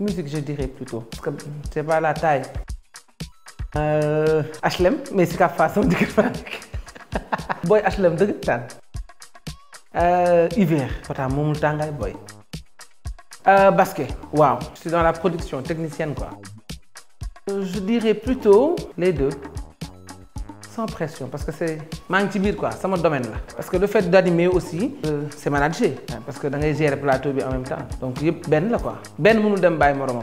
musique je dirais plutôt parce que c'est pas la taille euh, HLM mais c'est la façon de faire. Boy HLM dëgg Euh... hiver ta moomul boy. Euh, basket Waouh je suis dans la production technicienne quoi euh, je dirais plutôt les deux sans pression parce que c'est mon quoi ça ça domaine là parce que le fait d'animer aussi euh, c'est manager hein, parce que dans les gérer plateau en même temps donc Ben là quoi Ben dem moromam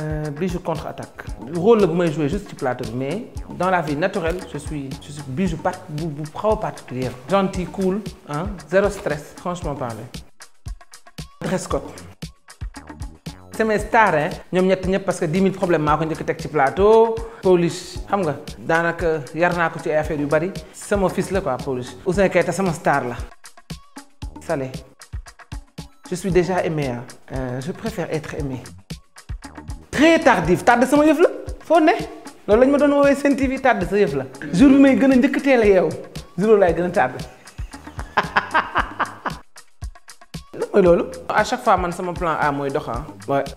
euh, contre attaque rôle la moi jouer juste plateau mais dans la vie naturelle je suis je suis bijou pas gentil cool un hein, zéro stress franchement parler dress samay star hein ñoom ñett ñëpp parce que 10000 000 problèmes maa ko njëkk ci plateau police xam nga danaka yar ko ci affaire yu bari sama fils la quoi police Ouzin Keita sama star la Salé je suis déjà aimé hein. euh, je préfère être aimé très tardif tard sama yeuf la fo né loolu lañ ma doon wowe Sen TV tardé sa yeuf la jour bi may gëna a njëkk teel a yeewu jour laay gën a mooy loolu. à chaque fois man sama plan A moy dox ah.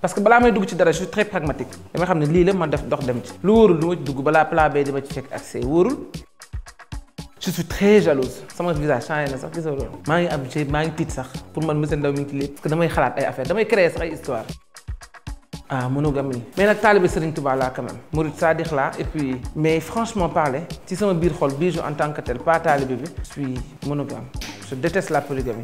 parce que bala may dugg ci dara je suis très pragmatique. dama xam ne lii la man def dox dem ci. lu worul lu ma dugg bala plan B dama ci check accès worul je suis très jalouse sama visage changé na sax gis nga loolu. maa ngi am ci m'a ngi tiit sax pour man monsieur ndaw mi ngi ci lépp. parce que damay xalaat ay affaire damay créer sax ay histoire ah monogamie mais nak taalibe Serigne Touba la quand même murid sadix laa et puis mais franchement parler ci sama bir xol je en tant que tel pas taalibe bi je suis monogame je déteste la polygamie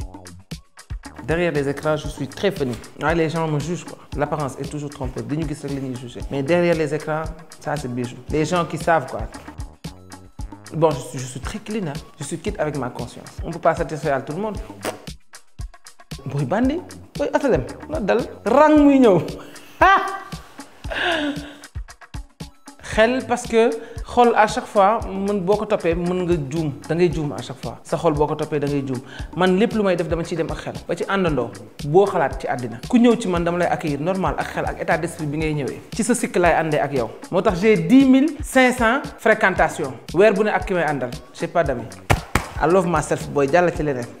derrière les écrans je suis très funny les gens me jugent quoi l'apparence est toujours trompée. mais derrière les écrans ça c'est bijou les gens qui savent quoi bon je suis, très clean hein. je suis quitte avec ma conscience on ne peut pas satisfaire tout le monde Oui, bandi Oui, ah parce que xol à chaque fois mën boo ko toppee mën nga juum dangay juum a chaque fois sa xol boo ko toppee dangay ngay juum man lépp lu may def dama ciy dem ak xel ba ci àndandoo boo xalaat ci àddina ku ñëw ci man dama lay accueillir normal ak xel ak état d'esprit bi ngay ñëwee ci sa cycle laay àndee ak yow moo tax j'ai dix mille cinq cent fréquentation weer bu ne ak ki may àndal j'ai pas d'amis I love booy jàll ci leneen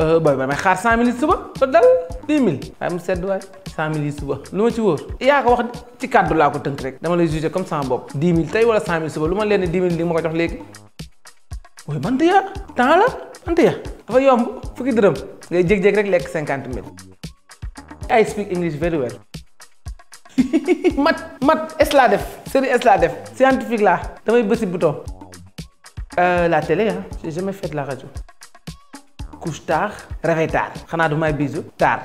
Euh, booy ba may xaar cent mille suba ba dal dix mille waaye mu suba lu ma ci wóor yaa ko wax ci kàddu laa ko tënk rek dama lay jugé comme sama bopp dix mille tey wala cent mille suba lu ma leen dix mille li ma ko jox léegi booy bant ya temps la bant ya dafa yomb fukki dërëm ngay jég-jég rek lekk cinquante mille I speak English very well mat mat es laa def série es laa def scientifique laa damay bësi bouton euh, la télé ah j'ai jamais fait la radio couche tard, réveille tard. bisou, des bisous. tard.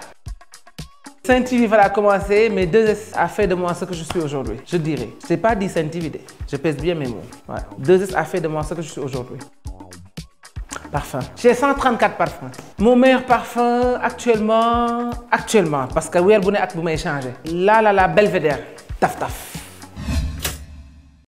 commencé, mais deux s a fait de moi ce que je suis aujourd'hui. Je dirais, c'est pas dit saint je pèse bien mes mots. Deux s a fait de moi ce que je suis aujourd'hui. Parfum. J'ai 134 parfums. Mon meilleur parfum actuellement, actuellement, parce que oui, bu de ak pour me changer. Là, là, là, Belvedere. Taf, taf.